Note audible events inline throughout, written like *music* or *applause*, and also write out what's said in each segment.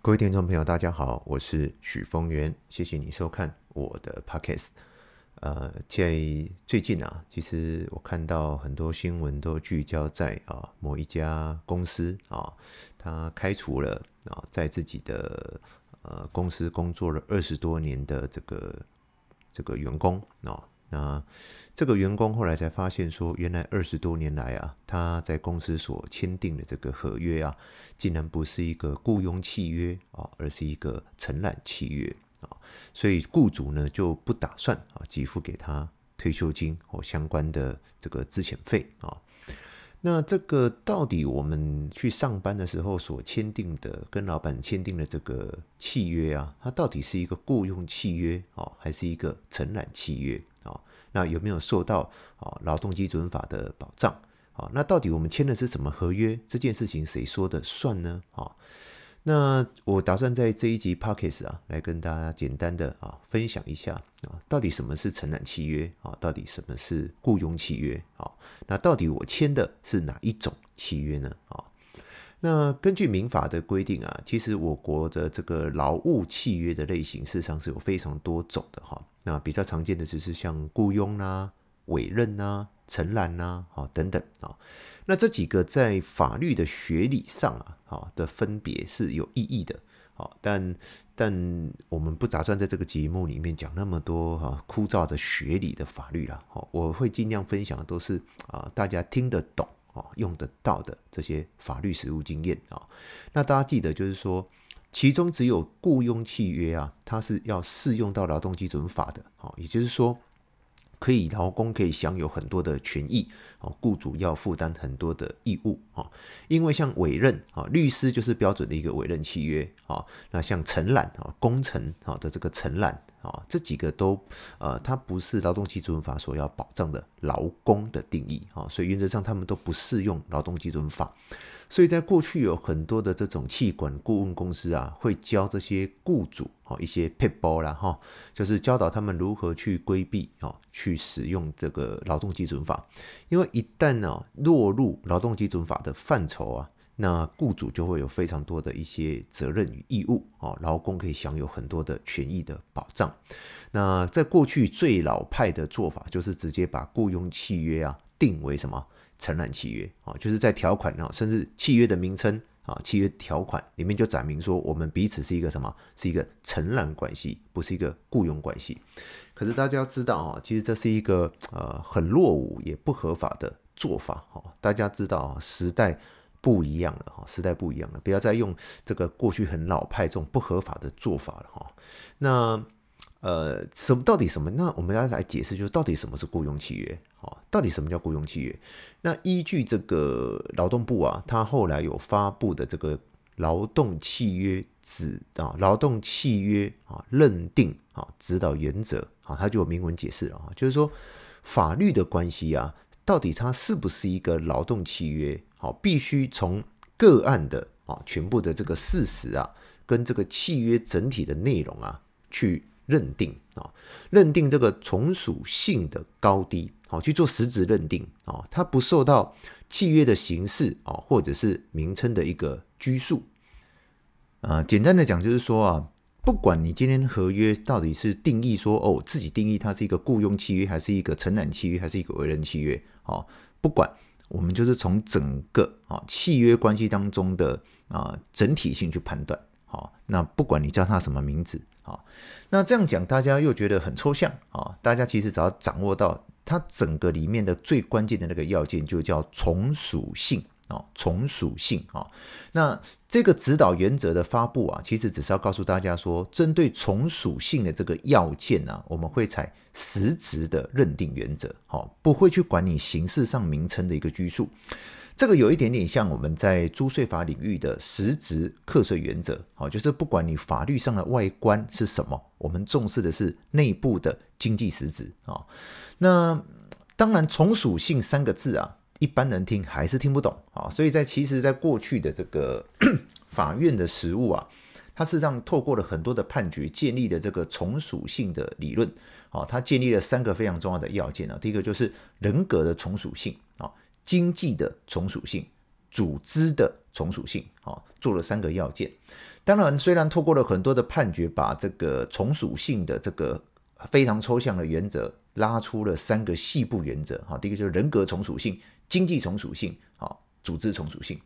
各位聽眾朋友，大家好，我是許峰源，謝謝你收看我的 podcast。呃，在最近啊，其實我看到很多新聞都聚焦在啊、哦、某一家公司啊、哦，他開除了啊、哦、在自己的呃公司工作了二十多年的這個這個員工，啊、哦。那這個員工後來才發現說，原來二十多年來啊，他在公司所簽訂的這個合約啊，竟然不是一個僱傭契約啊，而是一個承攬契約啊，所以雇主呢就不打算啊給付給他退休金或相關的這個資遣費啊。那這個到底我們去上班的時候所簽訂的跟老闆簽訂的這個契約啊，它到底是一個僱傭契約啊，還是一個承攬契約啊？那有沒有受到啊勞動基準法的保障啊？那到底我們簽的是什麼合約？這件事情誰說的算呢？啊？那我打算在這一集 Podcast 啊，來跟大家簡單的啊分享一下啊,到底什麼是承攬契約啊？到底什麼是雇傭契約啊？那到底我簽的是哪一種契約呢？啊，那根據民法的規定啊，其實我國的這個勞務契約的類型，事實上是有非常多種的哈。那比較常見的就是像雇傭啦、啊、委任啦、啊。承攬吶，啊等等啊，那這幾個在法律的學理上啊，的分別是有意義的，好，但但我們不打算在這個節目裡面講那麼多哈枯燥的學理的法律了，好，我會盡量分享的都是啊大家聽得懂啊用得到的這些法律實務經驗啊，那大家記得就是說，其中只有僱傭契約啊，它是要適用到勞動基準法的，好，也就是說。可以勞工可以享有很多的權益，哦，雇主要負擔很多的義務，哦，因為像委任，啊，律師就是標準的一個委任契約，啊，那像承攬，啊，工程，啊，的這個承攬，啊，這幾個都，呃，它不是勞動基準法所要保障的勞工的定義，啊，所以原則上他們都不適用勞動基準法。所以在過去有很多的這種企管顧問公司啊，會教這些雇主，啊，一些撇步啦哈，就是教導他們如何去規避啊，去使用這個勞動基準法。因為一旦呢、啊、落入勞動基準法的範疇啊，那雇主就會有非常多的一些責任與義務哦，勞工可以享有很多的權益的保障。那在過去最老派的做法就是直接把僱傭契約啊定為什麼？承攬契約哦，就是在條款啊，甚至契約的名稱啊，契約條款裡面就載明說，我們彼此是一個什麼？是一個承攬關係，不是一個僱傭關係。可是大家要知道啊，其實這是一個呃很落伍也不合法的做法哈。大家知道啊，時代不一樣了哈，時代不一樣了，不要再用這個過去很老派這種不合法的做法了哈。那呃，什麼到底什麼？那我們要來解釋，就是到底什麼是僱傭契約？到底什麼叫僱傭契約？那依據這個勞動部啊，他後來有發佈的這個勞動契約指啊，勞動契約啊認定啊指導原則啊，他就有明文解釋了啊，就是說法律的關係啊，到底它是不是一個勞動契約？好，啊，必須從個案的啊全部的這個事實啊，跟這個契約整體的內容啊去認定啊，認定這個從屬性的高低。好去做實質認定啊，它、哦、不受到契約的形式啊、哦、或者是名稱的一個拘束。呃、簡單的講就是說啊，不管你今天合約到底是定義說哦自己定義它是一個僱傭契約，還是一個承攬契約，還是一個委任契約，哦，不管我們就是從整個啊、哦、契約關係當中的啊、呃、整體性去判斷。好、哦，那不管你叫它什麼名字啊、哦，那這樣講大家又覺得很抽象啊、哦。大家其實只要掌握到。它整個裡面的最關鍵的那個要件就叫從屬性啊，從屬性啊。那這個指導原則的發布啊，其實只是要告訴大家說，針對從屬性的這個要件呢啊，我們會採實質的認定原則，好，不會去管你形式上名稱的一個拘束。這個有一點點像我們在租稅法領域的實質課稅原則，就是不管你法律上的外觀是什麼，我們重視的是內部的經濟實質啊。那當然，從屬性三個字啊，一般人聽還是聽不懂啊。所以在其實，在過去的這個 *coughs* 法院的實務啊，它事實上透過了很多的判決，建立了這個從屬性的理論啊。它建立了三個非常重要的要件，第一個就是人格的從屬性啊。經濟的從屬性、組織的從屬性，啊，做了三個要件。當然，雖然透過了很多的判決，把這個從屬性的這個非常抽象的原則拉出了三個細部原則，哈，第一個就是人格從屬性、經濟從屬性，啊。組織從屬性，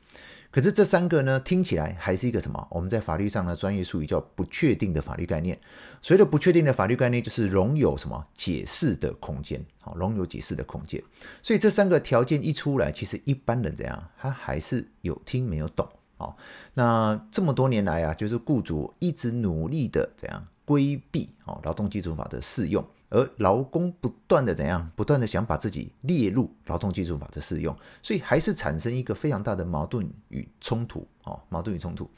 可是這三個呢，聽起來還是一個什麼？我們在法律上的專業術語叫不確定的法律概念。所謂的不確定的法律概念，就是容有什麼解釋的空間，好，容有解釋的空間。所以這三個條件一出來，其實一般人怎樣，他還是有聽沒有懂啊。那這麼多年來啊，就是雇主一直努力的怎樣規避啊勞動基準法的適用。而勞工不斷地怎樣，不斷地想把自己列入勞動基準法的適用，所以還是產生一個非常大的矛盾與衝突，哦，矛盾與衝突。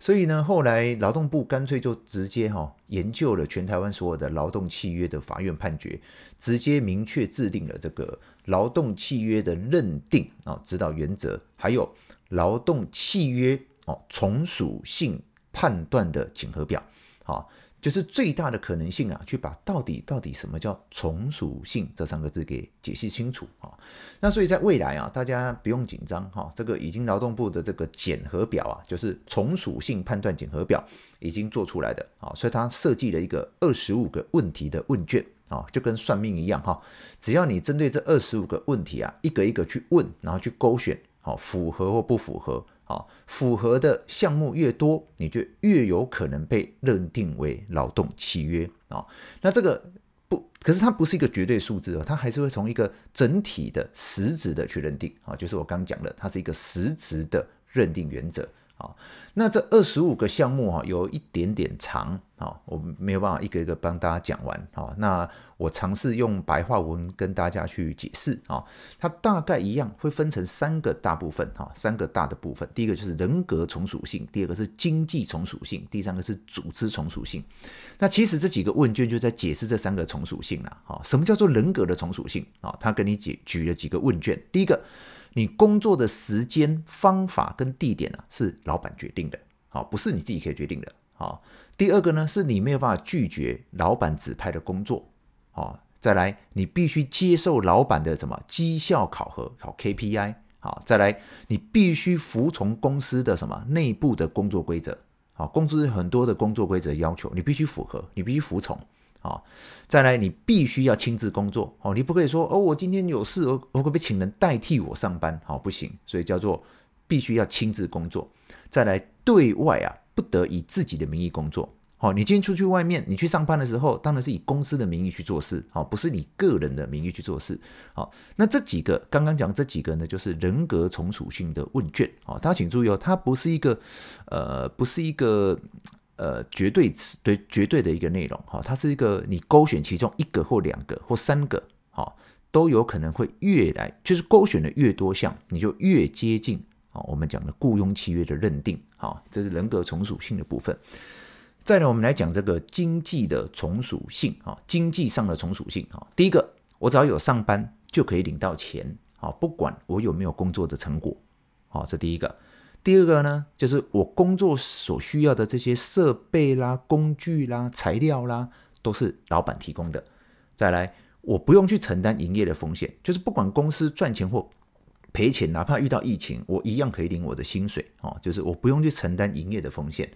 所以呢，後來勞動部乾脆就直接哈、哦、研究了全台灣所有的勞動契約的法院判決，直接明確制定了這個勞動契約的認定啊、哦、指導原則，還有勞動契約哦從屬性判斷的檢核表，好、哦。就是最大的可能性啊，去把到底到底什麼叫從屬性這三個字給解析清楚啊。那所以在未來啊，大家不用緊張哈。這個已經勞動部的這個檢核表啊，就是從屬性判斷檢核表已經做出來的啊。所以它設計了一個二十五個問題的問卷啊，就跟算命一樣哈。只要你針對這二十五個問題啊，一個一個去問，然後去勾選，好，符合或不符合。好、哦，符合的項目越多，你就越有可能被認定為勞動契約啊、哦。那這個不可是它不是一個絕對數字、哦、它還是會從一個整體的實質的去認定啊、哦，就是我剛講的，它是一個實質的認定原則。好，那這二十五個項目哈，有一點點長啊，我沒有辦法一個一個幫大家講完啊。那我嘗試用白話文跟大家去解釋啊，它大概一樣會分成三個大部分哈，三個大的部分。第一個就是人格從屬性，第二個是經濟從屬性，第三個是組織從屬性。那其實這幾個問卷就在解釋這三個從屬性了啊。什麼叫做人格的從屬性啊？他跟你舉舉了幾個問卷，第一個。你工作的時間、方法跟地點啊，是老闆決定的，啊，不是你自己可以決定的，啊。第二個呢，是你沒有辦法拒絕老闆指派的工作，啊，再來你必須接受老闆的什麼績效考核，好 KPI，好，再來你必須服從公司的什麼內部的工作規則，好，公司很多的工作規則要求你必須符合，你必須服從。好，再來，你必須要親自工作哦，你不可以說哦，我今天有事，哦，我可不可以請人代替我上班，好，不行，所以叫做必須要親自工作。再來，對外啊，不得以自己的名義工作，好，你今天出去外面，你去上班的時候，當然是以公司的名義去做事，好，不是你個人的名義去做事，好，那這幾個，剛剛講這幾個呢，就是人格從屬性的問卷，好，大家請注意哦，它不是一個，呃，不是一個。呃，絕對詞對絕對的一個內容哈、哦，它是一個你勾選其中一個或兩個或三個哈、哦，都有可能會越來，就是勾選的越多項，你就越接近啊、哦，我們講的僱傭契約的認定啊、哦，這是人格從屬性的部分。再呢，我們來講這個經濟的從屬性啊、哦，經濟上的從屬性啊、哦，第一個，我只要有上班就可以領到錢啊、哦，不管我有沒有工作的成果，好、哦，這第一個。第二個呢，就是我工作所需要的這些設備啦、工具啦、材料啦，都是老闆提供的。再來，我不用去承擔營業的風險，就是不管公司賺錢或賠錢，哪怕遇到疫情，我一樣可以領我的薪水哦。就是我不用去承擔營業的風險。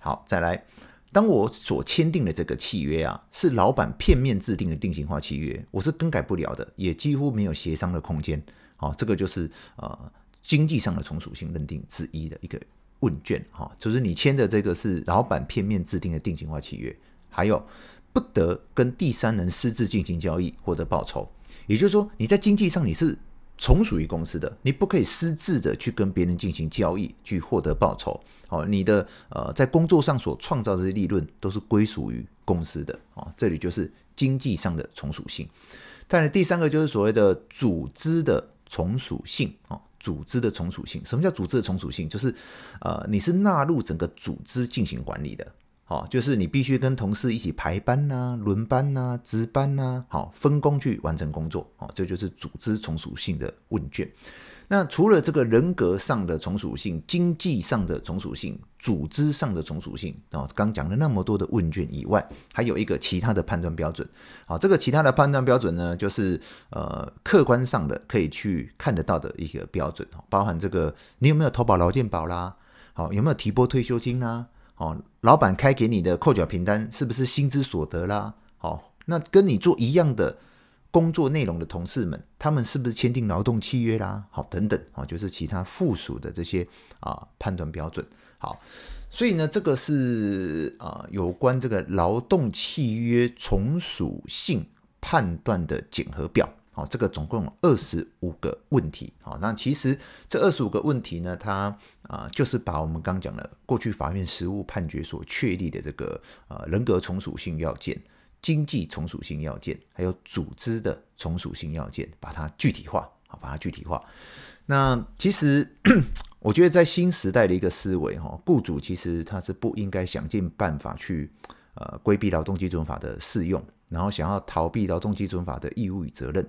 好，再來，當我所簽訂的這個契約啊，是老闆片面制定的定型化契約，我是更改不了的，也幾乎沒有協商的空間。好、哦，這個就是啊。呃經濟上的從屬性認定之一的一個問卷哈，就是你簽的這個是老板片面制定的定型化契約，還有不得跟第三人私自進行交易獲得報酬。也就是說，你在經濟上你是從屬於公司的，你不可以私自的去跟別人進行交易去獲得報酬。哦，你的呃在工作上所創造的利潤都是歸屬於公司的啊。這裡就是經濟上的從屬性。但是第三個就是所謂的組織的從屬性啊。組織的從屬性，什麼叫組織的從屬性？就是，呃，你是納入整個組織進行管理的，好、哦，就是你必須跟同事一起排班吶、啊、輪班吶、啊、值班吶、啊，好、哦，分工去完成工作，好、哦，這就是組織從屬性的問卷。那除了這個人格上的從屬性、經濟上的從屬性、組織上的從屬性啊、哦，剛講了那麼多的問卷以外，還有一個其他的判斷標準啊、哦。這個其他的判斷標準呢，就是呃，客觀上的可以去看得到的一個標準，哦、包含這個你有沒有投保勞健保啦，好、哦、有沒有提撥退休金啦，哦，老闆開給你的扣繳憑單是不是薪資所得啦，哦，那跟你做一樣的。工作內容的同事們，他們是不是簽訂勞動契約啦？好，等等啊、哦，就是其他附屬的這些啊、呃、判斷標準。好，所以呢，這個是啊、呃、有關這個勞動契約從屬性判斷的檢核表。好、哦，這個總共有二十五個問題。好、哦，那其實這二十五個問題呢，它啊、呃、就是把我們剛剛講的過去法院實務判決所確立的這個呃人格從屬性要件，經濟從屬性要件，還有組織的從屬性要件，把它具體化，好，把它具體化。那其實 *coughs* 我覺得，在新時代的一個思維，哈，僱主其實他是不應該想盡辦法去呃規避勞動基準法的適用，然後想要逃避勞動基準法的義務與責任。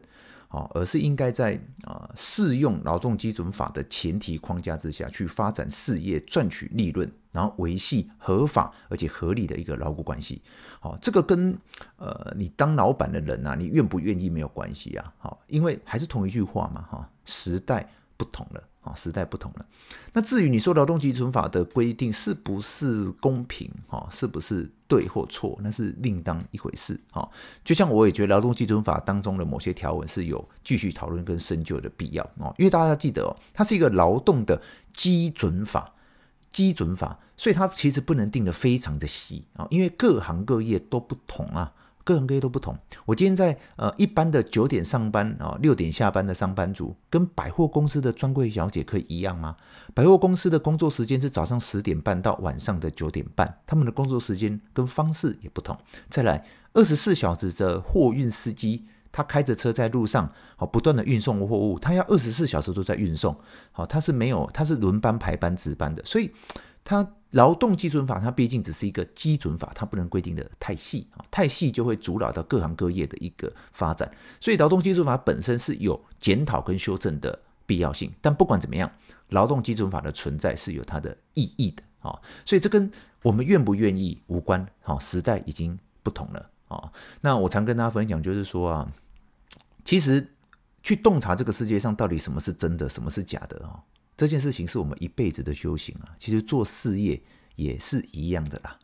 哦，而是應該在啊呃、適用勞動基準法的前提框架之下去發展事業、賺取利潤，然後維繫合法而且合理的一個勞雇關係。好、哦，這個跟呃你當老闆的人吶、啊，你願不願意沒有關係啊。好、哦，因為還是同一句話嘛，哈、哦，時代不同了。啊，時代不同了。那至於你說勞動基準法的規定是不是公平，哦，是不是對或錯，那是另當一回事哦，就像我也覺得勞動基準法當中的某些條文是有繼續討論跟深究的必要哦，因為大家要記得，它是一個勞動的基準法，基準法，所以它其實不能定得非常的細啊，因為各行各業都不同啊。個人各行各業都不同。我今天在呃一般的九點上班啊，六點、哦、下班的上班族，跟百貨公司的專櫃小姐可以一樣嗎？百貨公司的工作時間是早上十點半到晚上的九點半，他們的工作時間跟方式也不同。再來，二十四小時的貨運司機，他開着車在路上，好、哦、不斷的運送貨物，他要二十四小時都在運送，好、哦，他是沒有，他是輪班排班值班的，所以他。勞動基準法它畢竟只是一個基準法，它不能規定得太細，太細就會阻擾到各行各業的一個發展。所以勞動基準法本身是有檢討跟修正的必要性。但不管怎麼樣，勞動基準法的存在是有它的意義的啊。所以這跟我們願不願意無關。好，時代已經不同了啊。那我常跟大家分享就是說啊，其實去洞察這個世界上到底什麼是真的，什麼是假的啊。這件事情是我們一輩子的修行啊！其實做事業也是一樣的啦，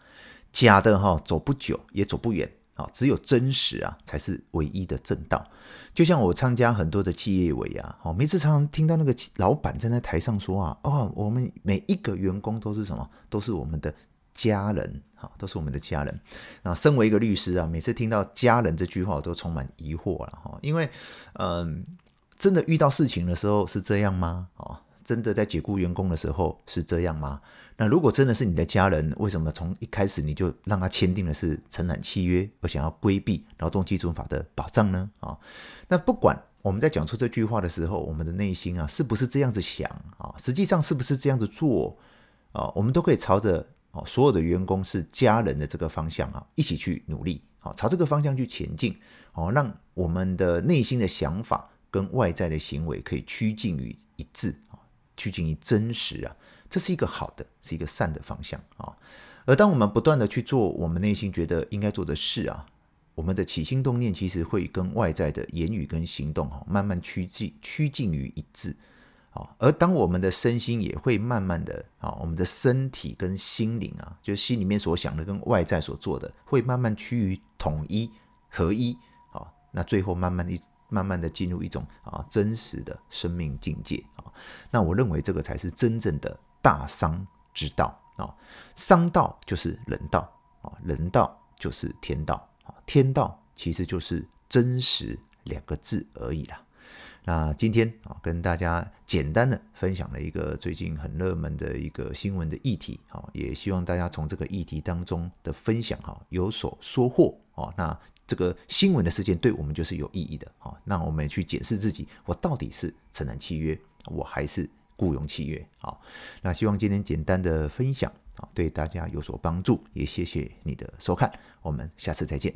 假的哈、哦，走不久也走不遠啊、哦。只有真實啊，才是唯一的正道。就像我參加很多的企業委啊，好、哦，每次常常聽到那個老板站在台上說啊，哦，我們每一個員工都是什麼？都是我們的家人啊、哦，都是我們的家人。那身為一個律師啊，每次聽到“家人”這句話，我都充滿疑惑了哈、哦，因為，嗯、呃，真的遇到事情的時候是這樣嗎？啊、哦？真的在解僱員工的時候是這樣嗎？那如果真的是你的家人，為什麼從一開始你就讓他簽訂的是承攬契約，而想要規避勞動基準法的保障呢？啊、哦，那不管我們在講出這句話的時候，我們的內心啊是不是這樣子想啊？實際上是不是這樣子做啊、哦？我們都可以朝着哦所有的員工是家人的這個方向啊、哦，一起去努力啊、哦，朝這個方向去前進哦，讓我們的內心的想法跟外在的行為可以趨近於一致。趨近於真實啊，這是一個好的，是一個善的方向啊、哦。而當我們不斷地去做我們內心覺得應該做的事啊，我們的起心動念其實會跟外在的言語跟行動哈、哦，慢慢趨近趨近於一致啊、哦。而當我們的身心也會慢慢的啊、哦，我們的身體跟心靈啊，就是心裡面所想的跟外在所做的，會慢慢趨於統一合一啊、哦。那最後慢慢的。慢慢的進入一種啊真實的生命境界啊，那我認為這個才是真正的大商之道啊，商道就是人道啊，人道就是天道啊，天道其實就是真實兩個字而已啦。那今天啊跟大家簡單的分享了一個最近很熱門的一個新聞的議題啊，也希望大家從這個議題當中的分享哈有所收穫。哦，那這個新聞的事件對我們就是有意義的。好、哦，那我們去檢視自己，我到底是承攬契約，我還是雇傭契約？好、哦，那希望今天簡單的分享啊、哦，對大家有所幫助，也謝謝你的收看，我們下次再見。